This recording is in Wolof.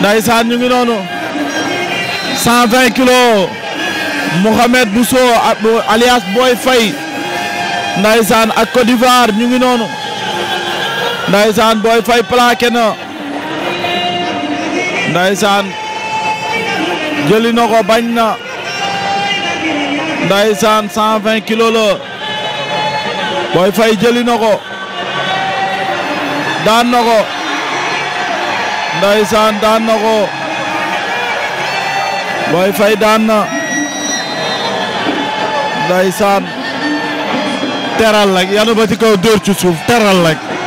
ndaysaan ñu ngi noonu 120 kilos Mouhamed Bousso alias Boy Faye ndaysaan ak Côte d'Ivoire ñu ngi noonu ndaysaan Boy Faye plaqué na ndaysaan jëli na ko bañ na ndaysaan 120 kilos la Boy Faye jëli na ko daan na Ndeysaan daan na ko Boy Faye daan na Ndeysaan teral rek yanu ba ci kaw dóor ci suuf teral rek